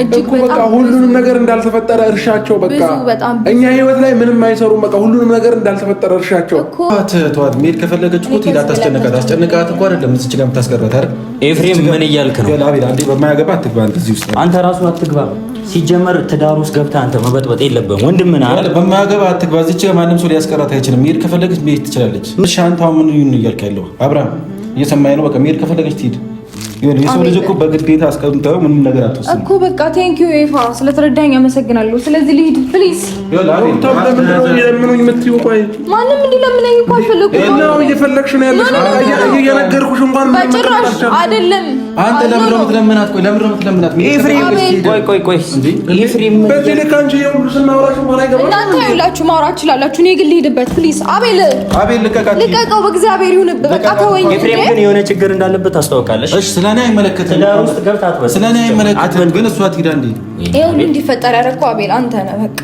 እጅግ በቃ ሁሉንም ነገር እንዳልተፈጠረ እርሻቸው በቃ እኛ ህይወት ላይ ምንም አይሰሩም። በቃ ሁሉንም ነገር እንዳልተፈጠረ እርሻቸው ትቷት መሄድ ከፈለገች እኮ ትሄድ። አታስጨንቃት። አስጨንቃት እኮ አይደለም እዚች ጋር የምታስቀረት አይደል? ኤፍሬም ምን እያልክ ነው? በማያገባ አትግባ። ውስጥ አንተ ራሱ አትግባ። ሲጀመር ትዳር ውስጥ ገብተህ አንተ መበጥበጥ የለብህም ወንድም። በማያገባ አትግባ። እዚች ጋር ማንም ሰው ሊያስቀራት አይችልም። መሄድ ከፈለገች መሄድ ትችላለች። ሻንታው ምን እያልክ ያለው አብርሃም እየሰማኸኝ ነው? በቃ መሄድ ከፈለገች ትሄድ ግን የሰው ልጅ እኮ በግዴታ አስቀምጠው ምንም ነገር አትወስድም እኮ። በቃ ቴንክ ዩ ኤፋ ስለተረዳኝ አመሰግናለሁ። ስለዚህ ልሂድ ፕሊዝ። ማንም እንዲለምነኝ እኮ አልፈለኩም። እየፈለግሽ ነው ያለሽ፣ እየነገርኩሽ እንኳን በጭራሽ አይደለም አንተ ለምን ነው የምትለምናት? ቆይ ለምን ነው የምትለምናት? ቆይ ቆይ ቆይ ኤፍሬም በዚህ ልክ አንቺ የሁሉ ስናወራችሁ ማን አይገባም። እናንተ ይኸውላችሁ ማውራት ትችላላችሁ። እኔ ግን ልሄድበት። ፕሊዝ አቤል አቤል ልቀቃት፣ ልቀቀው። በእግዚአብሔር ይሁንብህ፣ በቃ ተወኝ። ኤፍሬም ግን የሆነ ችግር እንዳለበት ታስታውቃለች። እሺ ስለ እኔ አይመለከትም፣ ስለ እኔ አይመለከትም። ግን እሷ ትሄዳ እንዴ? ይሄ ሁሉ እንዲፈጠር ያደረገው አቤል አንተ ነህ። በቃ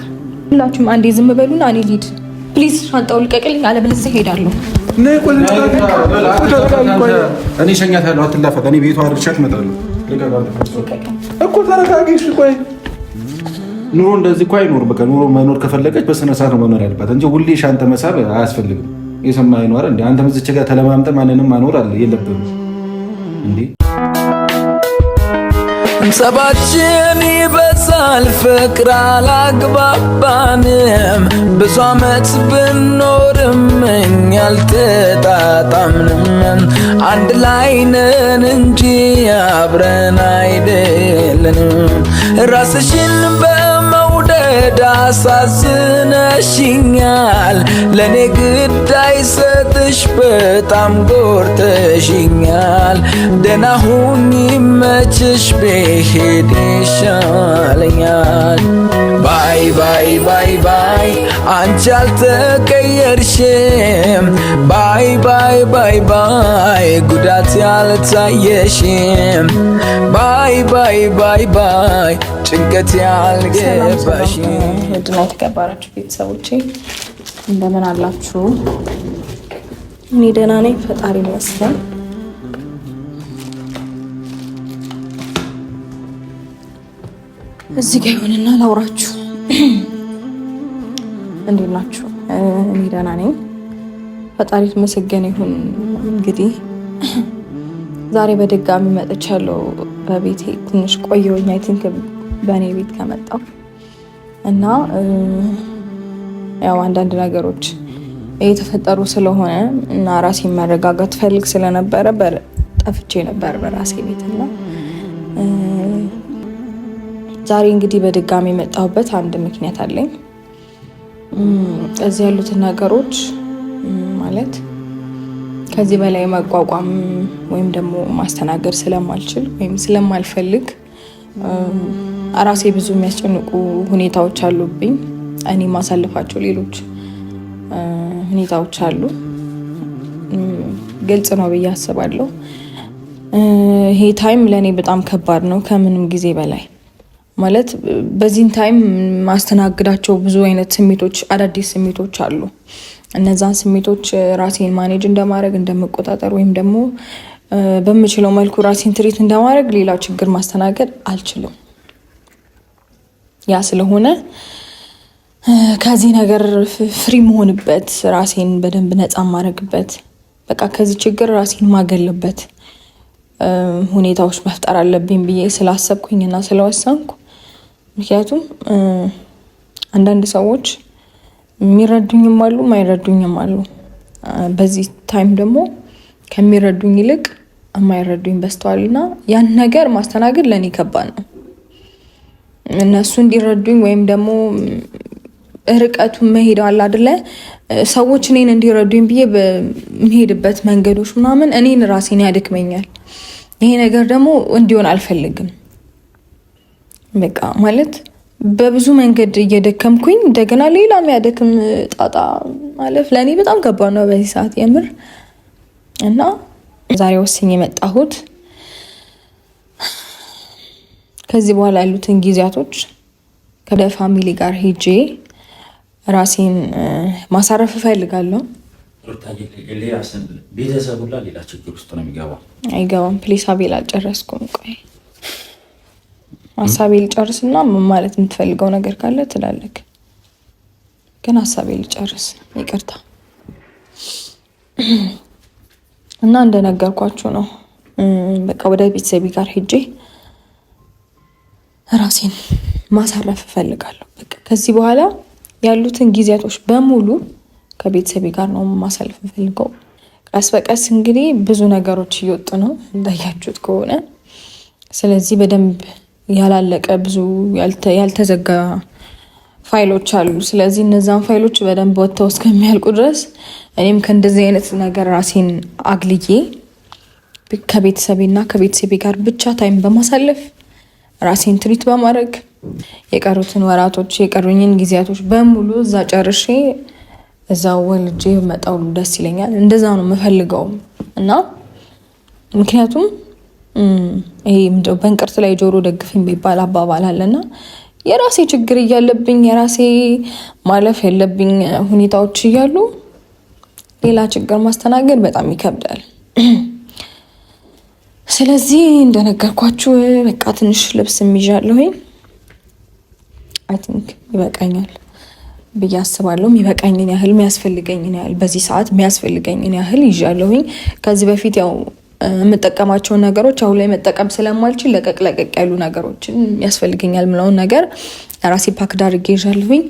ሁላችሁም አንዴ ዝም በሉና እኔ ልሂድ ፕሊዝ ሻንጣው ልቀቅልኝ፣ አለበለዚያ እሄዳለሁ። እኔ እሸኛታለሁ፣ አትላፈጥ። እኔ ቤቷ አድርሻት እመጣለሁ እኮ። ተረጋጊ እሺ። ቆይ ኑሮ እንደዚህ እኮ አይኖርም። በቃ ኑሮ መኖር ከፈለገች በስነ ስርዓት ነው መኖር ያለባት እንጂ ሁሌ ሻንጣ መሳብ አያስፈልግም። የሰማኸኝ ነው አይደል? አንተ እዚች ጋር ተለማምጠ ማንንም ማኖር አለ የለብህም እንዴ ጸባችን ይበዛል ፍቅር አላግባባንም ብዙ አመት ብኖርም እኛ አልተጣጣምንም። አንድ ላይ ነን እንጂ አብረን አይደለንም ራስሽን በ አሳዝነሽኛል ለእኔ ግዳይ ሰጥሽ በጣም ጎርተሽኛል። ደህና ሁኚ ይመችሽ ብሄድ ይሻለኛል። ባይ ባይ ባይ ባይ አንቺ አልተቀየርሽም። ባይ ባይ ባይ ባይ ጉዳት ያልታየሽም። ባይ ባይ ባይ ባይ ጭንቀት ያልገባሽ ድና የተከበራችሁ ቤተሰቦቼ እንደምን አላችሁ? እኔ ደህና ነኝ፣ ፈጣሪ ይመስገን። እዚህ ጋ ይሆንና ላውራችሁ። እንዴት ናችሁ? እኔ ደህና ነኝ፣ ፈጣሪ የተመሰገነ ይሁን። እንግዲህ ዛሬ በድጋሚ መጥቻለሁ በቤቴ። ትንሽ ቆየሁኝ አይ ቲንክ በእኔ ቤት ከመጣው እና ያው አንዳንድ ነገሮች እየተፈጠሩ ስለሆነ እና ራሴ መረጋጋት ፈልግ ስለነበረ ጠፍቼ ነበር በራሴ ቤት እና ዛሬ እንግዲህ በድጋሚ የመጣሁበት አንድ ምክንያት አለኝ። እዚህ ያሉትን ነገሮች ማለት ከዚህ በላይ መቋቋም ወይም ደግሞ ማስተናገድ ስለማልችል ወይም ስለማልፈልግ ራሴ ብዙ የሚያስጨንቁ ሁኔታዎች አሉብኝ። እኔ ማሳልፋቸው ሌሎች ሁኔታዎች አሉ። ግልጽ ነው ብዬ አስባለሁ። ይሄ ታይም ለእኔ በጣም ከባድ ነው ከምንም ጊዜ በላይ ማለት በዚህን ታይም ማስተናግዳቸው ብዙ አይነት ስሜቶች፣ አዳዲስ ስሜቶች አሉ። እነዛን ስሜቶች ራሴን ማኔጅ እንደማድረግ እንደመቆጣጠር፣ ወይም ደግሞ በምችለው መልኩ ራሴን ትሪት እንደማድረግ ሌላ ችግር ማስተናገድ አልችልም። ያ ስለሆነ ከዚህ ነገር ፍሪ መሆንበት፣ ራሴን በደንብ ነፃ ማድረግበት፣ በቃ ከዚህ ችግር ራሴን ማገልበት ሁኔታዎች መፍጠር አለብኝ ብዬ ስላሰብኩኝና ስለወሰንኩ ምክንያቱም አንዳንድ ሰዎች የሚረዱኝም አሉ የማይረዱኝም አሉ። በዚህ ታይም ደግሞ ከሚረዱኝ ይልቅ የማይረዱኝ በስተዋልና ያን ነገር ማስተናገድ ለእኔ ከባድ ነው። እነሱ እንዲረዱኝ ወይም ደግሞ ርቀቱ መሄድ አለ አይደለ? ሰዎች እኔን እንዲረዱኝ ብዬ በምሄድበት መንገዶች ምናምን እኔን ራሴን ያደክመኛል። ይሄ ነገር ደግሞ እንዲሆን አልፈልግም። በቃ ማለት በብዙ መንገድ እየደከምኩኝ እንደገና ሌላ የሚያደክም ጣጣ ማለፍ ለእኔ በጣም ከባድ ነው በዚህ ሰዓት የምር እና ዛሬ ወስኝ የመጣሁት ከዚህ በኋላ ያሉትን ጊዜያቶች ከደ ፋሚሊ ጋር ሄጄ ራሴን ማሳረፍ እፈልጋለሁ። ሌላ ችግር ውስጥ ነው አይገባም። ፕሌስ አቤል አልጨረስኩም። ቆይ ሀሳቤ ልጨርስና ምን ማለት የምትፈልገው ነገር ካለ ትላለህ። ግን ሀሳቤ ልጨርስ፣ ይቅርታ እና እንደነገርኳችሁ ነው። በቃ ወደ ቤተሰቢ ጋር ሄጄ ራሴን ማሳረፍ እፈልጋለሁ። በቃ ከዚህ በኋላ ያሉትን ጊዜያቶች በሙሉ ከቤተሰቤ ጋር ነው ማሳለፍ እፈልገው። ቀስ በቀስ እንግዲህ ብዙ ነገሮች እየወጡ ነው እንዳያችሁት ከሆነ ስለዚህ በደንብ ያላለቀ ብዙ ያልተዘጋ ፋይሎች አሉ። ስለዚህ እነዛን ፋይሎች በደንብ ወጥተው እስከሚያልቁ ድረስ እኔም ከእንደዚህ አይነት ነገር ራሴን አግልዬ ከቤተሰቤና ከቤተሰቤ ጋር ብቻ ታይም በማሳለፍ ራሴን ትሪት በማድረግ የቀሩትን ወራቶች የቀሩኝን ጊዜያቶች በሙሉ እዛ ጨርሼ እዛ ወልጄ መጣው ደስ ይለኛል። እንደዛ ነው የምፈልገው እና ምክንያቱም ይሄ በእንቅርት ላይ ጆሮ ደግፍ የሚባል አባባል አለና የራሴ ችግር እያለብኝ የራሴ ማለፍ ያለብኝ ሁኔታዎች እያሉ ሌላ ችግር ማስተናገድ በጣም ይከብዳል። ስለዚህ እንደነገርኳችሁ በቃ ትንሽ ልብስ የሚዣለሁ አይ ቲንክ ይበቃኛል ብዬ አስባለሁ። የሚበቃኝን ያህል የሚያስፈልገኝን ያህል በዚህ ሰዓት የሚያስፈልገኝን ያህል ይዣለሁኝ። ከዚህ በፊት ያው የምጠቀማቸውን ነገሮች አሁን ላይ መጠቀም ስለማልችል ለቀቅ ለቀቅ ያሉ ነገሮችን ያስፈልገኛል ምለውን ነገር ራሴ ፓክ ዳርጌ ይዣለሁኝ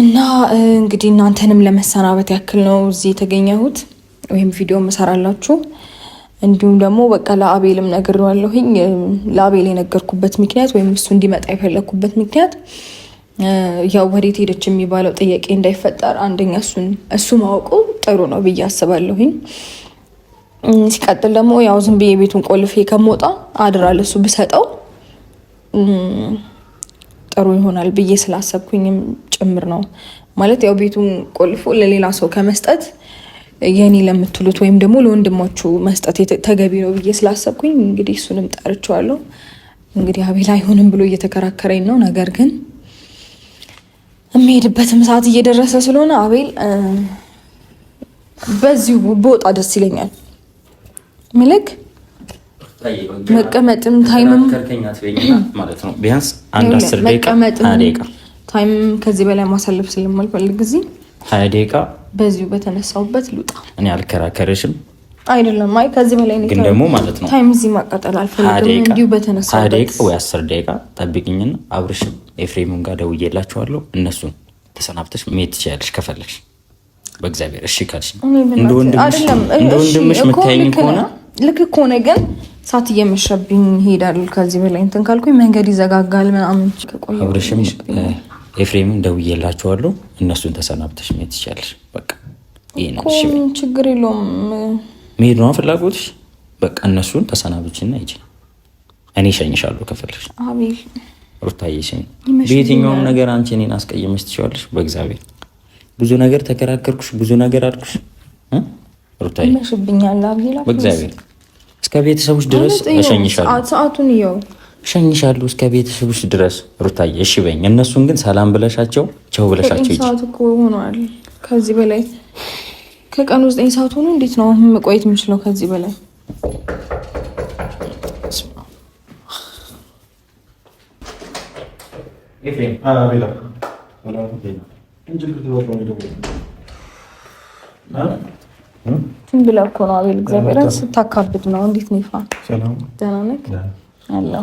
እና እንግዲህ እናንተንም ለመሰናበት ያክል ነው እዚህ የተገኘሁት ወይም ቪዲዮ መሰራላችሁ እንዲሁም ደግሞ በቃ ለአቤልም ነግሬዋለሁኝ። ለአቤል የነገርኩበት ምክንያት ወይም እሱ እንዲመጣ የፈለግኩበት ምክንያት ያው ወዴት ሄደች የሚባለው ጥያቄ እንዳይፈጠር አንደኛ እሱ ማወቁ ጥሩ ነው ብዬ አስባለሁኝ። ሲቀጥል ደግሞ ያው ዝም ብዬ ቤቱን ቆልፌ ከሞጣ አድራ ለሱ ብሰጠው ጥሩ ይሆናል ብዬ ስላሰብኩኝም ጭምር ነው። ማለት ያው ቤቱን ቆልፎ ለሌላ ሰው ከመስጠት የኔ ለምትሉት ወይም ደግሞ ለወንድማችሁ መስጠት ተገቢ ነው ብዬ ስላሰብኩኝ እንግዲህ እሱንም ጠርቼዋለሁ። እንግዲህ አቤል አይሆንም ብሎ እየተከራከረኝ ነው። ነገር ግን የሚሄድበትም ሰዓት እየደረሰ ስለሆነ አቤል በዚሁ በወጣ ደስ ይለኛል። ምልክ መቀመጥም ታይምም መቀመጥም ታይምም ከዚህ በላይ ማሳለፍ ስለማልፈልግ ጊዜ ሀያ ደቂቃ በዚሁ በተነሳውበት ልውጣ። እኔ አልከራከርሽም አይደለም አይ ከዚህ በላይ ግን ደግሞ ማለት ነው ታይም እዚህ ማቃጠል አልፈልግም። እንዲሁ በተነሳ ደቂቃ ወይ አስር ደቂቃ ጠብቅኝና አብርሽም ኤፍሬምም ጋር ደውዬላቸዋለሁ። እነሱን ተሰናብተሽ መሄድ ትችያለሽ ከፈለግሽ በእግዚአብሔር እሺ ካልሽ እንደ ወንድምሽ የምታይኝ ከሆነ ልክ ከሆነ ግን ሳት እየመሸብኝ ይሄዳል። ከዚህ በላይ እንትን ካልኩኝ መንገድ ይዘጋጋል ምናምን አብርሽም ኤፍሬምም ደውዬላቸዋለሁ። እነሱን ተሰናብተሽ መሄድ ትችያለሽ። በቃ ችግር የለውም። መሄድ ነዋ ፍላጎትሽ። በቃ እነሱን ተሰናብችና ሂጂ። እኔ እሸኝሻለሁ ከፈለግሽ። ሩታዬ በየትኛውም ነገር አንቺ እኔን አስቀየመች ትችዋለሽ። በእግዚአብሔር ብዙ ነገር ተከራከርኩሽ፣ ብዙ ነገር አልኩሽ። ሩታዬ በእግዚአብሔር እስከ ቤተሰቦች ድረስ እሸኝሻለሁ። ሰዓቱን እየው ሸኝሻሉ እስከ ቤተሰብሽ ድረስ ሩታዬ፣ እሺ በይኝ። እነሱን ግን ሰላም ብለሻቸው ቸው ብለሻቸው ሰዓት እኮ ሆኗል። ከዚህ በላይ ከቀኑ ዘጠኝ ሰዓት ሆኖ እንዴት ነው አሁን መቆየት የምችለው? ከዚህ በላይ ትን ብላ እኮ ነው አቤል። እግዚአብሔር ስታካብድ ነው። እንዴት ነው ይፋ? ደህና ነህ? አለሁ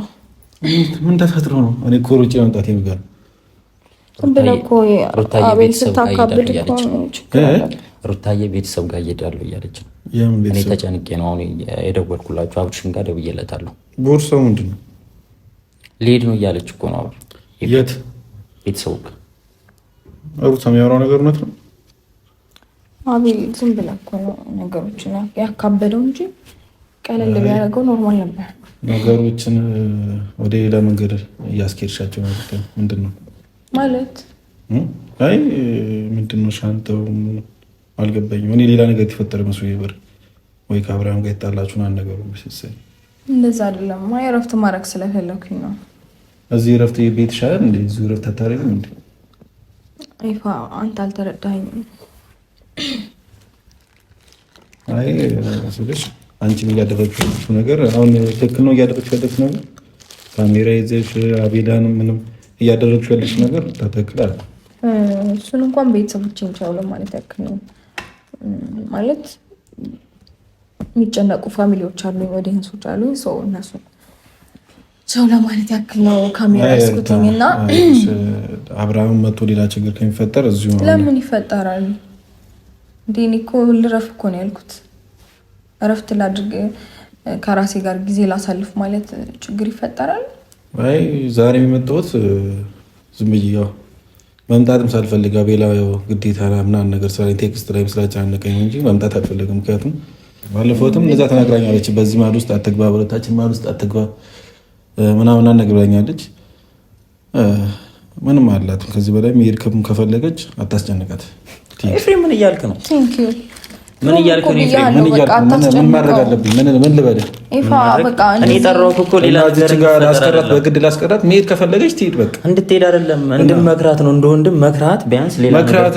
ምን ተፈጥሮ ነው? እኔ እኮ ሩጬ መምጣት የሚገርም ሩታዬ ቤተሰብ ጋር እሄዳለሁ እያለች ነው። እኔ ተጨንቄ ነው አሁን የደወልኩላችሁ። አብርሽም ጋር ደውዬለታለሁ። ቦርሳው ምንድን ነው? ልሄድ ነው እያለች እኮ ነው። የት ቤተሰቡ ጋር ሩታ የሚያወራው ነገር እውነት ነው? አቤል ዝም ብላ እኮ ነው ነገሮችን ያካበደው እንጂ ቀለል ቢያደርገው ኖርማል ነበር። ነገሮችን ወደ ሌላ መንገድ እያስኬድሻቸው ምንድን ነው ማለት? አይ ምንድን ነው ሻንተው አልገባኝም። እኔ ሌላ ነገር የተፈጠረ መስሎኝ ነበር። ወይ ከአብርሃም ጋር የጣላችሁን አንድ ነገሩ ስሰኝ እንደዛ አይደለም። ማ እረፍት ማድረግ ስለፈለኩኝ ነው። እዚህ እረፍት ቤት ይሻላል እንዴ? እዚሁ እረፍት አታደርግም እንዴ? ይፋ አንተ አልተረዳኸኝም። አይ ስልሽ አንቺን እያደረግሽው ነገር አሁን ትክክል ነው እያደረግሽ ያለች ነገር ካሜራ ይዘሽ አቤላንም ምንም እያደረግሽ ያለች ነገር ተተክላል። እሱን እንኳን ቤተሰቦች ቻው ለማለት ያክል ነው ማለት የሚጨነቁ ፋሚሊዎች አሉ፣ ኦዲየንሶች አሉ። ሰው እነሱ ሰው ለማለት ያክል ነው ካሜራ ያስኩትኝ እና አብርሃም መቶ ሌላ ችግር ከሚፈጠር እዚሁ ለምን ይፈጠራል? እንዴ እኔ እኮ ልረፍ እኮ ነው ያልኩት። እረፍት ላድርግ፣ ከራሴ ጋር ጊዜ ላሳልፍ ማለት ችግር ይፈጠራል? አይ ዛሬ የመጣሁት ዝም ብዬ ያው መምጣትም ሳልፈልግ ቤላ ግዴታ ምናምን ነገር ስራ ቴክስት ስራ ስላጨናነቀኝ እንጂ መምጣት አልፈለግም። ምክንያቱም ባለፈትም እዛ ተናግራኛለች። በዚህ ማል ውስጥ አትግባ፣ በረታችን ማል ውስጥ አትግባ ምናምን አናግራኛለች። ምንም አላትም ከዚህ በላይ መሄድ ከፈለገች አታስጨንቃት። ኤፍሬም ምን እያልክ ነው? ምን እያልክ ምን እያልክ ምን ማድረግ አለብኝ? ምን ምን ልበልህ? እኔ ጠራሁህ እኮ ሌላ ጋር ላስቀራት፣ በግድ ላስቀራት። መሄድ ከፈለገች ትሄድ፣ በቃ እንድትሄድ አይደለም እንድመክራት ነው። እንደ ወንድም መክራት፣ ቢያንስ ሌላ መክራት።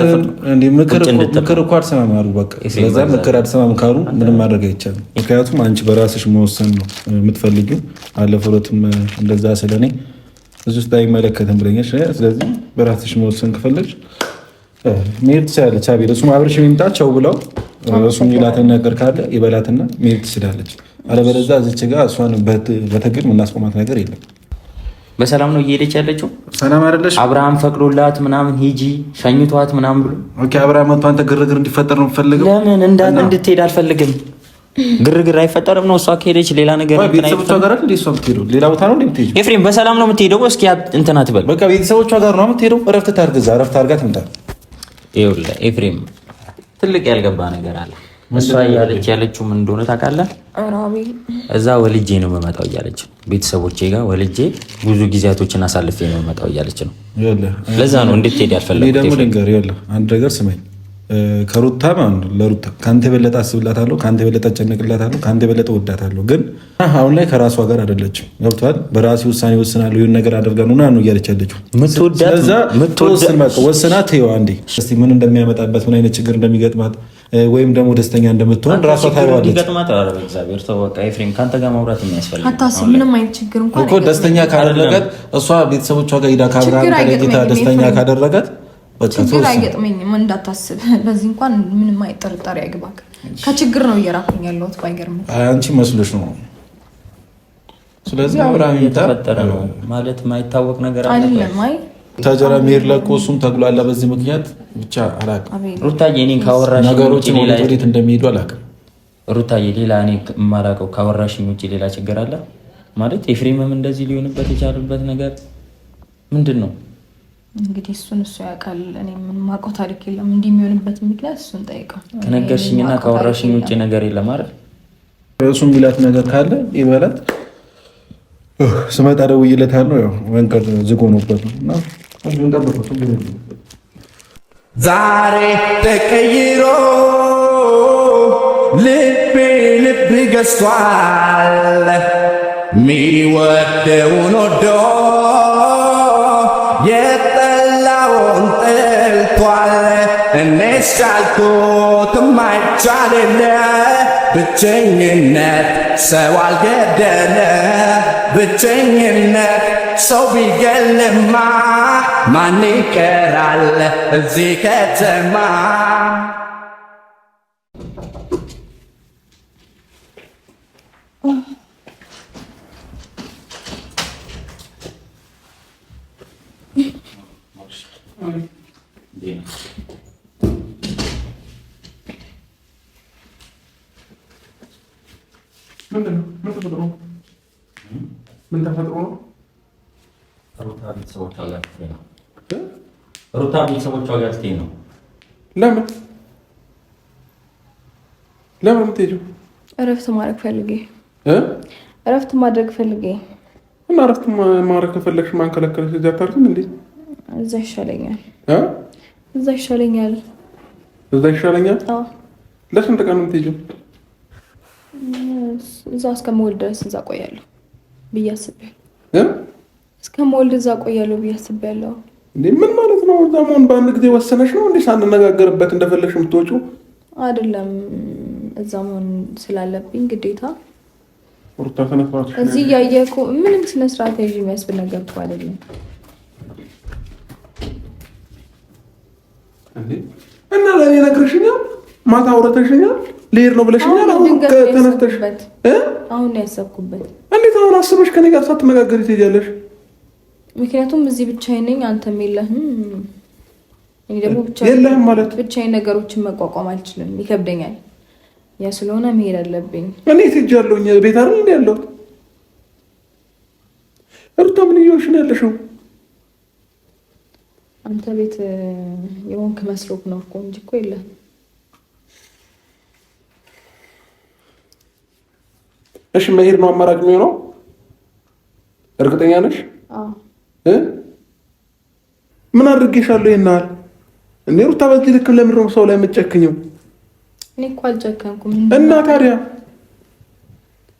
እንደ ምክር ምክር እኮ አልሰማም አሉ። በቃ ስለዛ ምክር አልሰማም ካሉ ምንም ማድረግ አይቻልም። ምክንያቱም አንቺ በራስሽ መወሰን ነው የምትፈልጊው። አለፈው እንደዛ ስለኔ እዚህ ውስጥ አይመለከትም ብለኛል። ስለዚህ በራስሽ መወሰን ከፈለግሽ መሄድ ትችላለች። አቤል እሱም አብረሽ የሚምጣ ቸው ብለው እሱ የሚላትን ነገር ካለ ይበላትና መሄድ ትችላለች። አለበለዚያ እዚች ጋ እሷን በትግል የምናስቆማት ነገር የለም። በሰላም ነው እየሄደች ያለችው። ሰላም አይደለሽ። አብርሃም ፈቅዶላት ምናምን ሂጂ ሸኝቷት ምናምን ብሎ ኦኬ። አብርሃም መጥቶ አንተ ግርግር እንዲፈጠር ነው የምፈልገው። ለምን እንድትሄድ አልፈልግም። ግርግር አይፈጠርም ነው እሷ ከሄደች ሌላ ነገር ሌላ ቦታ ነው ኤፍሬም በሰላም ነው የምትሄደው። እስኪ እንትና ትበል። በቃ ቤተሰቦቿ ጋር ነው የምትሄደው። እረፍት ታርግዛ፣ እረፍት አድርጋ ትምጣ። ኤፍሬም ትልቅ ያልገባ ነገር አለ። እሷ እያለች ያለችው ምን እንደሆነ ታውቃለህ? እዛ ወልጄ ነው የምመጣው እያለች ነው። ቤተሰቦቼ ጋር ወልጄ ብዙ ጊዜያቶችን አሳልፌ ነው የምመጣው እያለች ነው። ለዛ ነው እንድትሄድ ያልፈለግኩት። ደግሞ ልንገርህ አንድ ነገር ስመኝ ከሩታ ማለት ነው። ለሩታ ከአንተ የበለጠ አስብላታለሁ፣ ከአንተ የበለጠ አጨንቅላታለሁ፣ ከአንተ የበለጠ ወዳታለሁ። ግን አሁን ላይ ከራሷ ጋር አይደለችም። ገብቶሃል? በራሴ ውሳኔ ወስናለሁ፣ ይሁን ነገር አደርጋለሁ ና ነው እያለች ያለችው። ወስና ተይዋ አንዴ እስኪ ምን እንደሚያመጣበት ምን አይነት ችግር እንደሚገጥማት ወይም ደግሞ ደስተኛ እንደምትሆን ራሷ ታይዋለች። ምንም አይነት ችግር እንኳን ደስተኛ ካደረገት እሷ ቤተሰቦቿ ጋር ሂዳ ካብራ ደስተኛ ካደረገት ችግር አይገጥመኝም እንዳታስብ። በዚህ እንኳን ምንም አይጠርጠር ከችግር ነው እየራኩኝ ያለሁት አንቺ መስሎሽ ነው። ስለዚህ አብርሃም የተፈጠረ ነው ማለት የማይታወቅ ነገር አለ። ታጀራ ለቆ እሱም በዚህ ምክንያት ብቻ አላውቅም ሩታዬ፣ እኔን ካወራሽ ነገሮች ወዴት እንደሚሄዱ አላውቅም ሩታዬ። ሌላ እኔ የማላውቀው ካወራሽኝ ውጭ ሌላ ችግር አለ ማለት የፍሬምም እንደዚህ ሊሆንበት የቻለበት ነገር ምንድን ነው? እንግዲህ እሱን እሱ ያውቃል። እኔ ምን ማውቀው ታሪክ የለም። እንዲህ የሚሆንበትን ምክንያት እሱን ጠይቀው። ከነገርሽኝና ካወራሽኝ ውጭ ነገር የለም አይደል? እሱ የሚላት ነገር ካለ ይበላት። ስመጣ ደውዬለታለሁ። ያው መንገድ ዝግ ሆኖበት ዛሬ ተቀይሮ ልቤ ልብ ገዝቷል ሚወደውን ወደው እኔስ ቻልኩት ማይቻል የለ ብቸኝነት ሰው አልገደለ ብቸኝነት ሰው ቢገልማ ማን ይቀራል እዚህ ከተማ ምንድን ነው? ምን ተፈጥሮ ነው? ምን ተፈጥሮ ነው? ሩታ ቤተሰቦቿ ጋር ስትሄድ ነው። ሩታ ቤተሰቦቿ ጋር ስትሄድ ነው። ለምን ለምን የምትሄጂው? እረፍት ማድረግ ፈልጌ እረፍት ማድረግ ፈልጌ እና እረፍት ማድረግ ከፈለግሽ ማን ከለከለሽ? እዚህ አታርፍም እንዴ? እዛ ይሻለኛል እዛ ይሻለኛል እዛ ይሻለኛል። አዎ ለስንት ቀን ነው የምትሄጂው? እዛ እስከምወልድ ድረስ እዛ ቆያለሁ ብዬ እስከ እስከምወልድ እዛ ቆያለሁ ብዬ አስቤያለሁ። ምን ማለት ነው? እዛ መሆን በአንድ ጊዜ ወሰነች ነው እንዴ? ሳንነጋገርበት እንደፈለግሽ የምትወጪው አይደለም። እዛ መሆን ስላለብኝ ግዴታ እዚህ እያየህ እኮ ምንም ስነ ስርዓት ይዤ የሚያስብል ነገር እኮ አይደለም። እና ለእኔ ነግርሽኛል፣ ማታ አውረተሽኛል ልሄድ ነው ብለሽ ምን አሁን ተነስተሽ አሁን ያሰብኩበት እንዴት አሁን አስበሽ ከኔ ጋር ሳትመጋገሪ ትሄጃለሽ? ምክንያቱም እዚህ ብቻዬን ነኝ፣ አንተም የለህም። እኔ ደግሞ የለህም ማለት ብቻዬን ነገሮችን መቋቋም አልችልም፣ ይከብደኛል። ያ ስለሆነ መሄድ አለብኝ። እኔ ትሄጃለሁኝ ቤት አይደል እንዲ ያለው እርታ ምን እየሆንሽ ነው ያለሽው? አንተ ቤት የሆንክ መስሎክ ነው እኮ እንጂ እኮ የለህም እሺ መሄድ ነው አማራጭ የሚሆነው። እርግጠኛ ነሽ? ምን አድርጌሻለሁ? ይናል እንዴ ሩታ፣ በዚህ ልክ ለምድር ሰው ላይ የምትጨክኘው? እኔ እኮ አልጨከንኩም። እና ታዲያ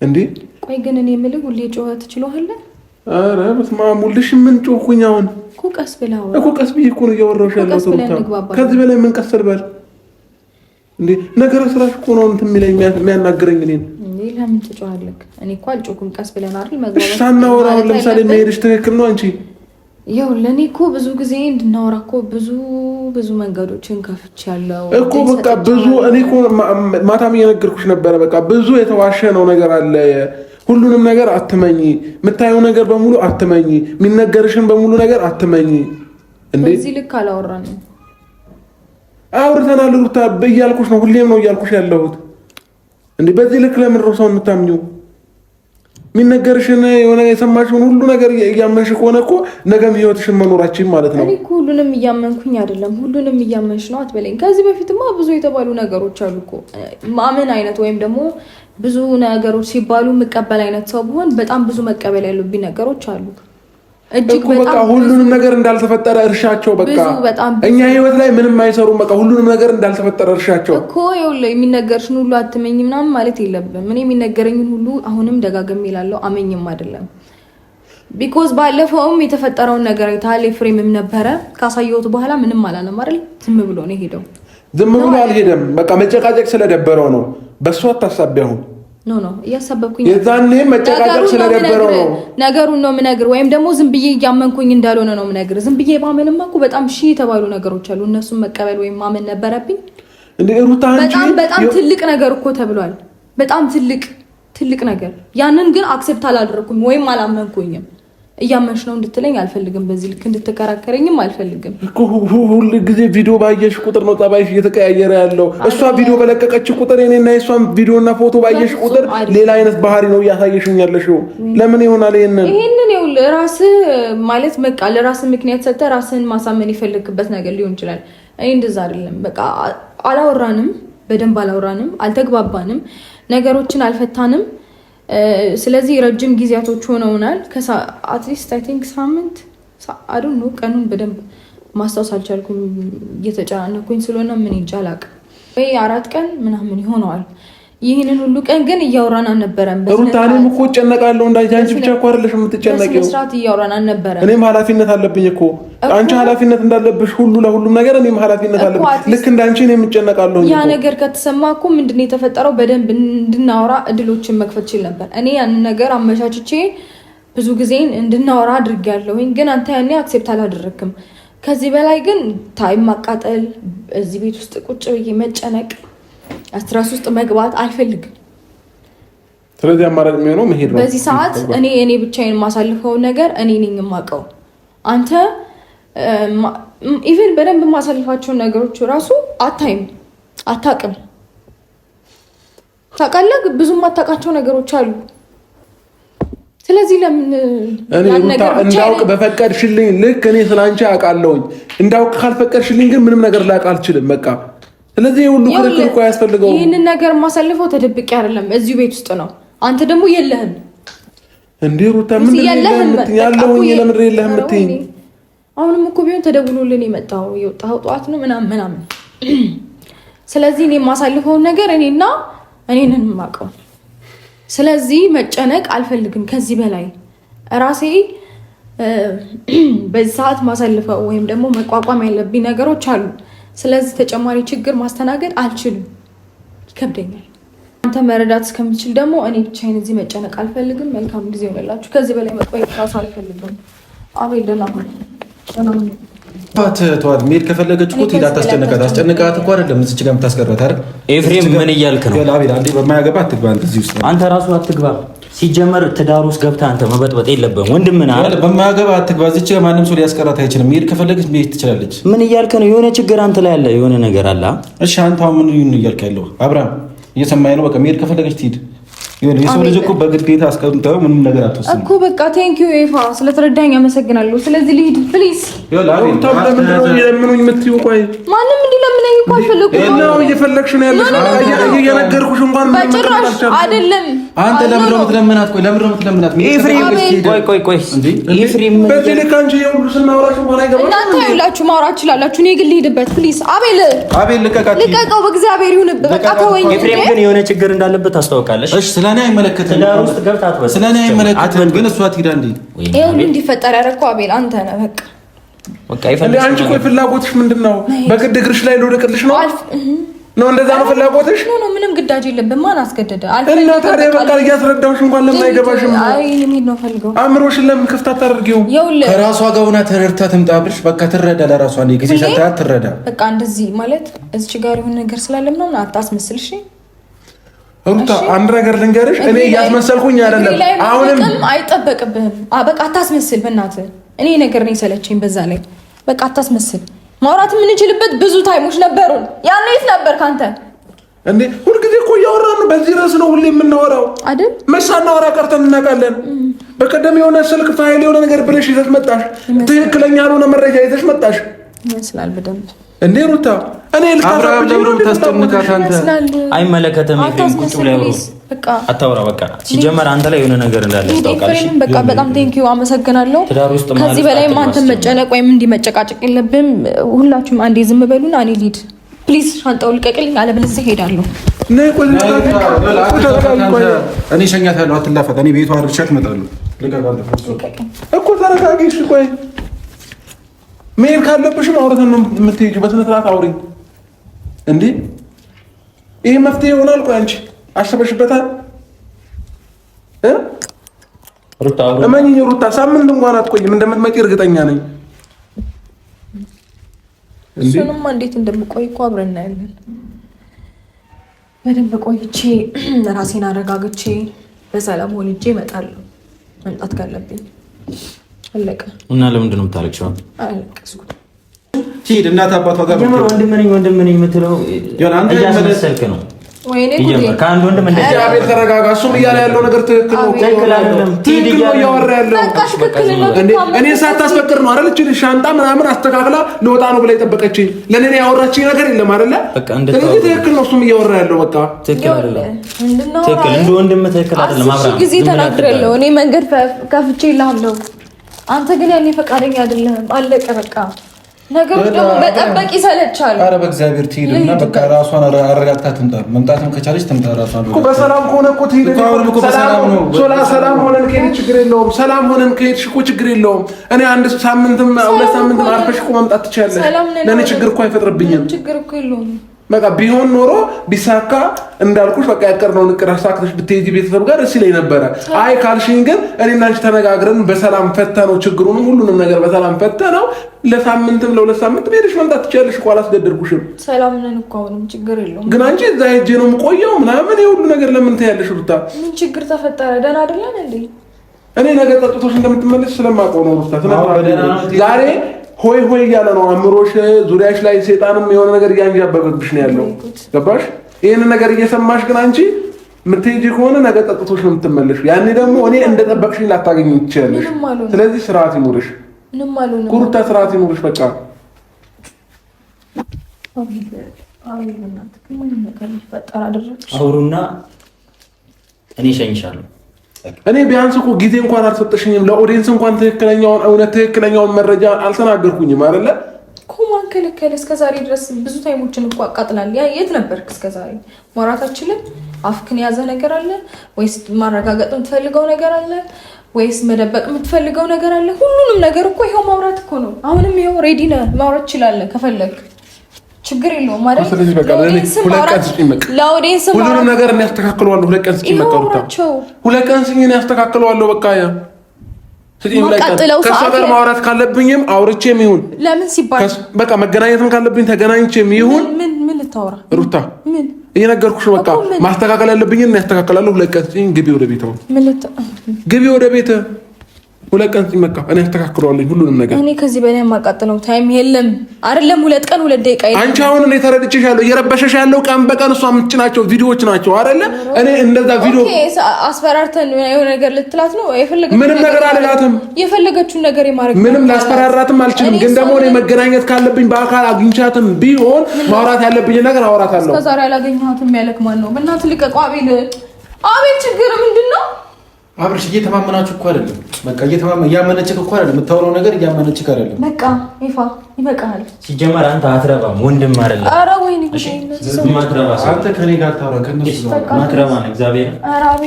እንዴ ቆይ ግን እኔ የምልህ ሁሌ ጮኸት ትችላለህ? አረ በስመ አብ ሁልሽ ምን ጮኩኝ? አሁን እኮ ቀስ ብላ እኮ ቀስ ብዬ እኮ ነው እያወራሁሽ ያለሁት ሩታ። ከዚህ በላይ ምን ቀስ ልበል እንዴ? ነገረ ስራሽ እኮ ነው እንትን የሚለኝ የሚያናግረኝ እኔን ለምን ትጮሃለህ? እኔ እኮ አልጮኩም። ቀስ ብለን አይደል መግባባት አሁን ለምሳሌ መሄድሽ ትክክል ነው። አንቺ ያው ለእኔ እኮ ብዙ ጊዜ እንድናወራ እኮ ብዙ ብዙ መንገዶችን ከፍች ያለው እኮ በቃ ብዙ እኔ እኮ ማታም እየነገርኩሽ ነበረ። በቃ ብዙ የተዋሸነው ነገር አለ። ሁሉንም ነገር አትመኝ፣ የምታየው ነገር በሙሉ አትመኝ፣ የሚነገርሽን በሙሉ ነገር አትመኝ። እንዴ ልክ አላወራንም። አውርተናል ሩታ፣ እያልኩሽ ነው። ሁሌም ነው እያልኩሽ ያለሁት እንዴ በዚህ ልክ ለምን ሰው የምታምኚው? የሚነገርሽን የሆነ የሰማሽውን ሁሉ ነገር እያመንሽ ከሆነ እኮ ነገም ህይወትሽን መኖራችን ማለት ነው። እኮ ሁሉንም እያመንኩኝ አይደለም፣ ሁሉንም እያመንሽ ነው አትበለኝ። ከዚህ በፊትማ ብዙ የተባሉ ነገሮች አሉ እኮ ማመን አይነት ወይም ደግሞ ብዙ ነገሮች ሲባሉ መቀበል አይነት ሰው ብሆን በጣም ብዙ መቀበል ያሉብኝ ነገሮች አሉ። እጅግ በቃ ሁሉንም ነገር እንዳልተፈጠረ እርሻቸው በቃ እኛ ህይወት ላይ ምንም አይሰሩም። በቃ ሁሉንም ነገር እንዳልተፈጠረ እርሻቸው እኮ ይኸውልህ፣ የሚነገርሽን ሁሉ አትመኝ ምናምን ማለት የለብም። እኔ የሚነገረኝን ሁሉ አሁንም ደጋግሜ እላለሁ፣ አመኝም አይደለም ቢኮዝ ባለፈውም የተፈጠረውን ነገር አይተሃል። የፍሬምም ነበረ ካሳየሁት በኋላ ምንም አላለም አይደል? ዝም ብሎ ነው የሄደው። ዝም ብሎ አልሄደም። በቃ መጨቃጨቅ ስለደበረው ነው። በእሷ አታሳቢ አሁን ኖ ኖ እያሳበብኩኝ የዛኔ መጨቃጨቅ ስለነበረው ነው ነገሩን ነው ምነግር፣ ወይም ደግሞ ዝም ብዬ እያመንኩኝ እንዳልሆነ ነው ምነግር። ዝም ብዬ ማመንማ እኮ በጣም ሺህ የተባሉ ነገሮች አሉ። እነሱን መቀበል ወይም ማመን ነበረብኝ። በጣም በጣም ትልቅ ነገር እኮ ተብሏል። በጣም ትልቅ ትልቅ ነገር። ያንን ግን አክሴፕት አላደረኩም ወይም አላመንኩኝም። እያመንሽ ነው እንድትለኝ አልፈልግም። በዚህ ልክ እንድትከራከረኝም አልፈልግም። ሁል ጊዜ ቪዲዮ ባየሽ ቁጥር ነው ጠባይሽ እየተቀያየረ ያለው። እሷ ቪዲዮ በለቀቀች ቁጥር እኔና የሷን ቪዲዮና ፎቶ ባየሽ ቁጥር ሌላ አይነት ባህሪ ነው እያሳየሽኝ ያለሽው። ለምን ይሆናል? ይህንን ይህንን ይኸውልህ ራስህ ማለት በቃ ለራስህ ምክንያት ሰጥተህ ራስህን ማሳመን የፈለግክበት ነገር ሊሆን ይችላል። እኔ እንደዛ አይደለም። በቃ አላወራንም፣ በደንብ አላወራንም፣ አልተግባባንም፣ ነገሮችን አልፈታንም። ስለዚህ ረጅም ጊዜያቶች ሆነውናል። አትሊስት አይ ቲንክ ሳምንት አዶ ነው። ቀኑን በደንብ ማስታወስ አልቻልኩኝ እየተጨናነኩኝ ስለሆነ ምን ይጃላቅ ወይ አራት ቀን ምናምን ይሆነዋል። ይህንን ሁሉ ቀን ግን እያወራን አልነበረም። ሩታ እኔም እኮ እጨነቃለሁ። እንዳንቺ አንቺ ብቻ እኮ አይደለሽ የምትጨነቂው። ስርዓት እያወራን አልነበረም። እኔም ኃላፊነት አለብኝ እኮ አንቺ ኃላፊነት እንዳለብሽ ሁሉ ለሁሉም ነገር እኔም ኃላፊነት አለብኝ። ልክ እንዳንቺ እኔም እጨነቃለሁ። ያ ነገር ከተሰማ እኮ ምንድነው የተፈጠረው በደንብ እንድናወራ እድሎችን መክፈት ችል ነበር። እኔ ያንን ነገር አመቻችቼ ብዙ ጊዜን እንድናወራ አድርጌያለሁኝ፣ ግን አንተ ያኔ አክሴፕት አላደረክም። ከዚህ በላይ ግን ታይም ማቃጠል እዚህ ቤት ውስጥ ቁጭ ብዬ መጨነቅ ስትረስ ውስጥ መግባት አልፈልግም። ስለዚህ አማራጭ የሚሆነው መሄድ ነው። በዚህ ሰዓት እኔ እኔ ብቻዬን የማሳልፈው ነገር እኔ ነኝ የማውቀው። አንተ ኢቨን በደንብ የማሳልፋቸውን ነገሮች ራሱ አታይም፣ አታውቅም። ታውቃለህ፣ ብዙ የማታውቃቸው ነገሮች አሉ። ስለዚህ ለምን እንዳውቅ በፈቀድሽልኝ ልክ እኔ ስላንቺ አውቃለሁኝ። እንዳውቅ ካልፈቀድሽልኝ ግን ምንም ነገር ላውቅ አልችልም። በቃ ስለዚህ ሁሉ ክርክር እኮ ያስፈልገው። ይህንን ነገር የማሳልፈው ተደብቄ አይደለም እዚሁ ቤት ውስጥ ነው። አንተ ደግሞ የለህም እንዴ ሩታ፣ ምን የለህም ያለሁኝ ለምን የለህም እምትይኝ? አሁንም እኮ ቢሆን ተደውሎልን የመጣው የወጣው ጠዋት ነው ምናምን ምናምን። ስለዚህ እኔ የማሳልፈውን ነገር እኔና እኔንን የማውቀው ስለዚህ መጨነቅ አልፈልግም ከዚህ በላይ ራሴ በዚህ ሰዓት ማሳልፈው ወይም ደግሞ መቋቋም ያለብኝ ነገሮች አሉ። ስለዚህ ተጨማሪ ችግር ማስተናገድ አልችልም፣ ይከብደኛል። አንተ መረዳት እስከምችል ደግሞ እኔ ብቻዬን እዚህ መጨነቅ አልፈልግም። መልካም ጊዜ ሆነላችሁ። ከዚህ በላይ መቆየት ራሱ አልፈልግም። አቤል ደህና ሁን። ተዋት። መሄድ ከፈለገች እኮ ትሄድ። አታስጨንቃት። አስጨንቃት እኮ አይደለም እዚች ጋር የምታስቀረት አይደል? ኤፍሬም ምን እያልክ ነው? በማያገባ አትግባ። እዚህ ውስጥ አንተ ራሱ አትግባ ሲጀመር ትዳር ውስጥ ገብታ አንተ መበጥበጥ የለብህም። ወንድም ምን አለ በማያገባ አትግባ። እዚች ማንም ሰው ሊያስቀራት አይችልም። መሄድ ከፈለገች መሄድ ትችላለች። ምን እያልክ ነው? የሆነ ችግር አንተ ላይ አለ፣ የሆነ ነገር አለ። እሺ አንተ ምን ይሁን እያልክ ያለው አብርሃም? እየሰማኸኝ ነው? በቃ መሄድ ከፈለገች ትሄድ። የሰው ልጅ እኮ በግዴታ አስቀምጠው ምንም ነገር እኮ በቃ። ቴንክ ዩ ኤፋ፣ ስለተረዳኝ አመሰግናለሁ። ስለዚህ ልሂድ ፕሊዝ። ማንም እንዲለምነኝ እኮ አልፈለኩም። እየፈለግሽ ነው ያለሽ፣ እየነገርኩሽ እንኳን በጭራሽ አይደለም አንተ ለምን ነው የምትለምናት? ቆይ ለምን ነው የምትለምናት? ኤፍሬም ቆይ ቆይ ቆይ ኤፍሬም በዚህ ልክ አንቺ የሁሉ ስል ማውራችሁ ማን አይገባም። እናንተ ይላችሁ ማውራት ትችላላችሁ። እኔ ግን ልሂድበት ፕሊስ። አቤል አቤል ልቀቃት፣ ልቀቀው በእግዚአብሔር ይሁን። በቃ ተወኝ። ኤፍሬም ግን የሆነ ችግር እንዳለበት ታስታውቃለሽ። እሺ ስለኔ አይመለከትም። ትዳር ውስጥ ገብታ አትበል። ስለኔ አይመለከትም። ግን እሷ ትሄዳ እንዴ? ይሄ ሁሉ እንዲፈጠር ያደረኩ አቤል አንተ ነህ። በቃ በቃ ይፈልጋል። አንቺ ቆይ ፍላጎትሽ ምንድን ነው? በግድ እግርሽ ላይ ልወደቅልሽ ነው ነው እንደዛ ነው ፍላጎትሽ? ኖ ኖ ምንም ግዳጅ የለብን። ማን አስገደደ? እና ታዲያ በቃ እያስረዳሁሽ እንኳን ለምን አይገባሽም? አእምሮሽን ለምን ክፍት አታደርጊውም? ከራሷ ጋር ሆና ተረድታ ትምጣ በቃ ትረዳ፣ ለራሷ እንደ ጊዜ ሰታት ትረዳ። በቃ እንደዚህ ማለት እዚች ጋር የሆነ ነገር ስላለ ምናምን አታስመስልሽ። ሩታ አንድ ነገር ልንገርሽ፣ እኔ እያስመሰልኩኝ አይደለም። አሁንም አይጠበቅብህም። በቃ አታስመስል፣ በእናትህ እኔ ነገር ነው የሰለቸኝ። በዛ ላይ በቃ አታስመስል ማውራት የምንችልበት ብዙ ታይሞች ነበሩን። ያን የት ነበር ካንተ እንዴ? ሁልጊዜ እኮ እያወራን ነው። በዚህ ርዕስ ነው ሁሌ የምናወራው አይደል? መች ሳናወራ ቀርተን እናውቃለን። በቀደም የሆነ ስልክ ፋይል የሆነ ነገር ብለሽ ይዘሽ መጣሽ። ትክክለኛ ያልሆነ መረጃ ይዘሽ መጣሽ ይመስላል በደንብ እንዴ ሩታ እኔ አብርሃም ደብሮ ታስጠምቃት? አንተ አይመለከተም። ኤፍሬም ቁጭ ብላ አውሩ፣ አታውራ። በቃ ሲጀመር አንተ ላይ የሆነ ነገር እንዳለ ታውቃለሽ። በቃ በጣም ቴንኪው፣ አመሰግናለሁ። ከዚህ በላይ አንተ መጨነቅ ወይም እንዲህ መጨቃጨቅ የለብም። ሁላችሁም አንዴ ዝም በሉና እኔ ሊድ ፕሊዝ። ሻንጣው ልቀቅልኝ፣ አለበለዚያ እሄዳለሁ። እኔ እሸኛታለሁ፣ አትላፈት። እኔ ቤቷ አድርሻት እመጣለሁ። እኮ ተረጋጊ። ቆይ መሄድ ካለብሽም አውርተን ነው የምትሄጂው። በስነ ስርዓት አውሪኝ እንዴ። ይሄ መፍትሄ ይሆናል። ቆይ አንቺ አስበሽበታል? እመኚኝ ሩታ፣ ሳምንት እንኳን አትቆይም። እንደምትመጪ እርግጠኛ ነኝ። እሱንማ እንዴት እንደምቆይ እኮ አብረን እናያለን። በደንብ ቆይቼ ራሴን አረጋግቼ በሰላም ሆንጄ እመጣለሁ መምጣት ካለብኝ እና ለምንድን ነው የምታለቅሽው? ሂድ እናት አባቷ ጋር ወንድም ነኝ ወንድም ነኝ የምትለው እያስመሰልክ ነው። ከአንድ ወንድም ተረጋጋ። እሱም እያለ ያለው ነገር ትክክል ነው፣ ትክክል እያወራ ያለው እኔ ሳታስፈቅድ ነው አይደል? እችን ሻንጣ ምናምን አስተካክላ ልወጣ ነው ብላ የጠበቀችኝ። ለእኔ ያወራችኝ ነገር የለም አይደለ? ስለዚህ ትክክል ነው እሱም እያወራ ያለው በቃ ትክክል አይደለም። እንደ ወንድም ትክክል አይደለም። አብራ ጊዜ ተናግሬያለሁ እኔ መንገድ ከፍቼ እልሃለሁ አንተ ግን ያኔ ፈቃደኛ አይደለህም። አለቀ በቃ። ነገሮች ደግሞ በጠበቅ ይሰለቻል። አረ በእግዚአብሔር ትሄድና በቃ ራሷን አረጋግታ ትምጣ። መምጣትም ከቻለች ትምጣ። ራሷን በሰላም ከሆነ እኮ ሰላም ሆነን ከሄድሽ ችግር የለውም። ሰላም ሆነን ከሄድሽ እኮ ችግር የለውም። እኔ አንድ ሳምንትም ሁለት ሳምንትም አርፈሽ እኮ መምጣት ትችያለሽ። ለእኔ ችግር እኮ አይፈጥርብኝም። ችግር እኮ የለውም በቃ ቢሆን ኖሮ ቢሳካ እንዳልኩሽ በቃ ያቀርነውን እቅድ አሳክተሽ ብትሄጂ ቤተሰብ ጋር ደስ ይለኝ ነበረ። አይ ካልሽኝ ግን እኔና አንቺ ተነጋግረን በሰላም ፈተ ነው ችግሩንም ሁሉንም ነገር በሰላም ፈተ ነው። ለሳምንትም ለሁለት ሳምንት ሄደሽ መምጣት ትችያለሽ እኮ አላስገደድኩሽም። ሰላም ነን እኮ አሁንም ችግር የለውም። ግን አንቺ እዛ ሄጄ ነው የምቆየው ምናምን የሁሉ ነገር ለምን ትያለሽ? ሩታ ምን ችግር ተፈጠረ? ደህና አይደለን እንዴ? እኔ ነገ ጠጥቶሽ እንደምትመለስ ስለማውቀው ነው ሩታ። ዛሬ ሆይ ሆይ እያለ ነው። አእምሮሽ ዙሪያሽ ላይ ሴጣንም የሆነ ነገር እያንዣበበብሽ ነው ያለው። ገባሽ? ይህን ነገር እየሰማሽ ግን አንቺ የምትሄጂ ከሆነ ነገ ጠጥቶሽ ነው የምትመለሽ። ያኔ ደግሞ እኔ እንደጠበቅሽኝ ላታገኝ ትችላለሽ። ስለዚህ ስርዓት ይኑርሽ፣ ኩርታ ስርዓት ይኑርሽ። በቃ አውሩና እኔ እሸኝሻለሁ። እኔ ቢያንስ እኮ ጊዜ እንኳን አልሰጠሽኝም። ለኦዲየንስ እንኳን ትክክለኛውን እውነት ትክክለኛውን መረጃ አልተናገርኩኝም አይደለ እኮ። ከለከለ። እስከ ዛሬ ድረስ ብዙ ታይሞችን እኮ አቃጥላል። ያ የት ነበርክ ዛሬ ማውራታችንን አፍክን የያዘ ነገር አለ ወይስ ማረጋገጥ የምትፈልገው ነገር አለ ወይስ መደበቅ የምትፈልገው ነገር አለ? ሁሉንም ነገር እኮ ይኸው ማውራት እኮ ነው። አሁንም ይኸው ሬዲ ነህ፣ ማውራት ትችላለህ ከፈለግ ችግር የለውም አይደል? ስለዚህ በቃ ሁለት ቀን ስጪኝ፣ በቃ ሁሉንም ነገር እኔ ሁለት ቀን ስጪኝ፣ በቃ ሁለት ቀን ስጪኝ፣ እኔ በቃ ያ ከእሷ ጋር ማውራት ካለብኝም አውርቼም ይሁን ለምን ሲባል በቃ መገናኘትም ካለብኝ ተገናኝቼም ይሁን ምን ምን ልታወራ ሩታ ምን እየነገርኩሽ በቃ ማስተካከል ያለብኝን እኔ ሁለት ቀን ስጪኝ፣ ግቢ ወደ ቤት፣ ግቢ ወደ ቤት ሁለት ቀን ሲመካ እኔ አስተካክለዋለሁ ሁሉንም ነገር። እኔ ከዚህ በላይ የማቃጥለው ታይም የለም አይደለም። ሁለት ቀን ሁለት ደቂቃ አንቺ አሁን እኔ ተረድቼሻለሁ። እየረበሸሽ ያለው ቀን በቀን እሷ የምትጭናቸው ቪዲዮዎች ናቸው አይደለ? እኔ እንደዛ ቪዲዮ አስፈራርተን የሆነ ነገር ልትላት ነው የፈለገችው። ምንም ነገር አልላትም። የፈለገችውን ነገር የማድረግ ምንም ላስፈራራትም አልችልም። ግን ደግሞ እኔ መገናኘት ካለብኝ በአካል አግኝቻትም ቢሆን ማውራት ያለብኝ ነገር አውራት እስከ ዛሬ አላገኘኋትም። ያለክ ማን ነው? በእናትህ ልቀቀው። አቤል አቤል፣ ችግር ምንድን ነው? አብርሽ እየተማመናችሁ እኮ አይደለም። በቃ እየተማመ እያመነችክ እኮ አይደለም። የምታወራው ነገር እያመነችክ አይደለም። በቃ ይፋ ይበቃል። ሲጀመር አንተ አትረባም፣ ወንድም አይደለም። ኧረ ወይኔ አንተ ከኔ ጋር ታወራ ከነሱ ጋር ማትረባ ነው። እግዚአብሔር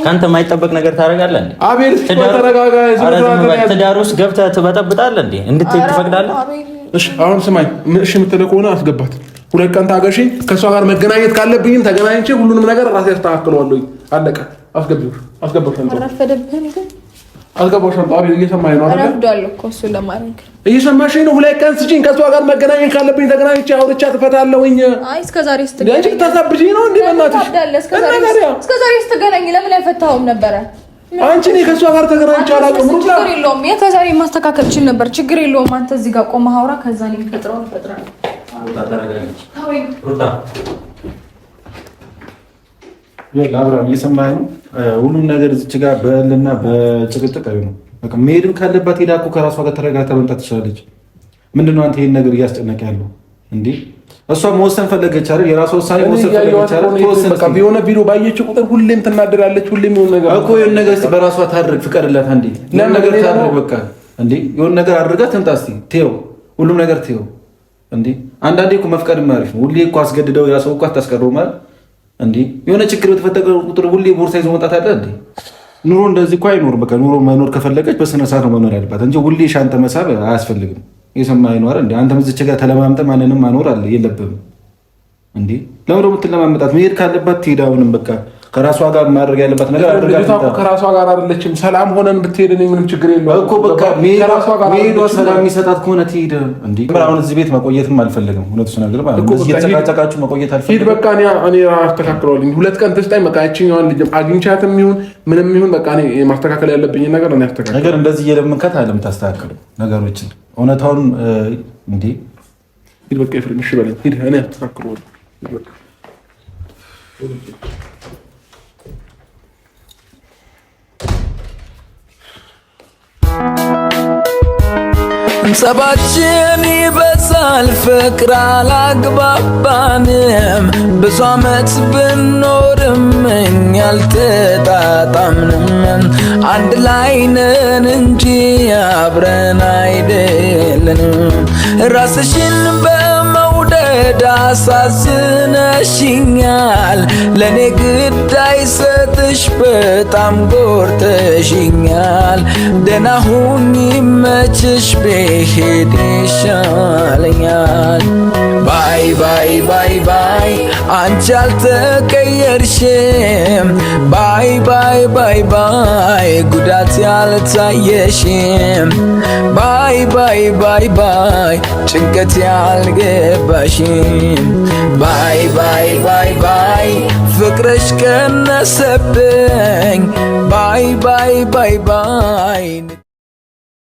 ከአንተ የማይጠበቅ ነገር ታደርጋለህ እንዴ? አቤል ተረጋጋ። ትዳር ውስጥ ገብተህ ትበጠብጣለህ እንዴ? እንድትሄድ ትፈቅዳለህ? እሺ አሁን ስማኝ፣ እሺ የምትለው ከሆነ አስገባት። ሁለት ቀን ታገሺ። ከእሷ ጋር መገናኘት ካለብኝም ተገናኝቼ ሁሉንም ነገር ራሴ አስተካክለዋለሁ። አለቀ። አስገባሽ አልረፈደብህም ግን አስገባሽ አምጣ ቤት እየሰማኸኝ ነው አይደል እሱን ለማድረግ እየሰማሽኝ ነው ሁለት ቀን ስጪኝ ከእሷ ጋር መገናኘት ካለብኝ ተገናኝቼ አውርቼ ትፈታለሁኝ አይ እስከ ዛሬ ስትገናኝ ነው እንዴ በእናትሽ እስከ ዛሬ ስትገናኝ ለምን አይፈታኸውም ነበረ አንቺ እኔ ከእሷ ጋር ተገናኝቼ አላውቅም ችግር የለውም ከዛሬ ማስተካከል ችል ነበር ችግር የለውም አንተ እዚህ ጋር ቆመህ አውራ ከዛ እኔ የምፈጥረውን እፈጥራለሁ አብርሃም እየሰማህ ነው። ሁሉም ነገር እዚች ጋር በልና በጭቅጭቅ አይሆንም። በቃ መሄድም ካለባት ሄዳ እኮ ከራሷ ጋር ተረጋግታ መምጣት ትችላለች። ምንድን ነው አንተ ይህን ነገር እያስጨነቀ ያለው እንዴ? እሷ መወሰን ፈለገች አይደል? የራሷ ውሳኔ መወሰን ፈለገች አይደል? የሆነ ቢሮ ባየችው ቁጥር ሁሌም ትናደራለች። ሁሌም የሆነ ነገር እኮ የሆነ ነገር እስኪ በራሷ ታድርግ፣ ፍቀድላት። እንዴ ለምን ነገር ታድርግ በቃ እንዴ የሆነ ነገር አድርጋ ትምጣ። እስኪ ተይው፣ ሁሉም ነገር ቴው እንዴ አንዳንዴ እኮ መፍቀድም አሪፍ ነው። ሁሌ እኮ አስገድደው የራሷ እኮ አታስቀረውም አይደል እንዴ የሆነ ችግር በተፈጠረ ቁጥር ሁሌ ቦርሳ ይዞ መጣት አለ እንዴ? ኑሮ እንደዚህ እኮ አይኖር። በቃ ኑሮ መኖር ከፈለገች በስነ ስርዓት ነው መኖር ያለባት እንጂ ሁሌ ሻንጣ መሳብ አያስፈልግም። የሰማ ይኖር እንዴ? አንተ ምዝች ጋር ተለማምጠ ማንንም ማኖር አለ የለብም እንዴ? ለምን ደግሞ ትለማመጣት መሄድ ካለባት ትሄድ። አሁንም በቃ ከራሷ ጋር ማድረግ ያለባት ነገር አድርጋ ከራሷ ጋር አይደለችም። ሰላም ሆነን ብትሄድ እኔ ምንም ችግር የለውም እኮ በቃ ከራሷ ጋር ሜሄዷ ሰላም የሚሰጣት ከሆነ ትሄድ እንዴ። አሁን እዚህ ቤት መቆየትም አልፈልግም። እውነቱን ነገር ማለት ነው። እዚህ የተጨቃጨቃችሁ መቆየት አልፈልግም። ሂድ በቃ እኔ አስተካክለዋለሁ። ሁለት ቀን ትስጠኝ በቃ። ያችኛዋን ልጅ አግኝቻትም ይሁን ምንም ይሁን በቃ እኔ ማስተካከል ያለብኝ ነገር እኔ አስተካክል ነገር እንደዚህ እየለመንካት አለም ታስተካክሉ ነገሮችን እውነታውን እንዴ። ሂድ በቃ ይፍልም። እሺ በለኝ ሂድ፣ እኔ አስተካክለዋለሁ ጸባችን ይበዛል ፍቅር አላግባባንም ብዙ አመት ብኖርም እኛ አልተጣጣምንም። አንድ ላይ ነን እንጂ አብረን አይደለንም ራስሽን አሳዝነሽኛል ለእኔ ግዳይ ሰጥሽ በጣም ጎርተሽኛል። ደህና ሁኚ ይመችሽ ብሄድ ይሻለኛል። ባይ ባይ ባይ ባይ አንቺ አልተቀየርሽም። ባይ ባይ ባይ ባይ ጉዳት ያልታየሽም። ባይ ባይ ባይ ባይ ጭንቀት ያልገባሽም። ባይ ባይ ባይ ባይ ፍቅርሽ ቀነሰብኝ። ባይ ባይ ባይ ባይ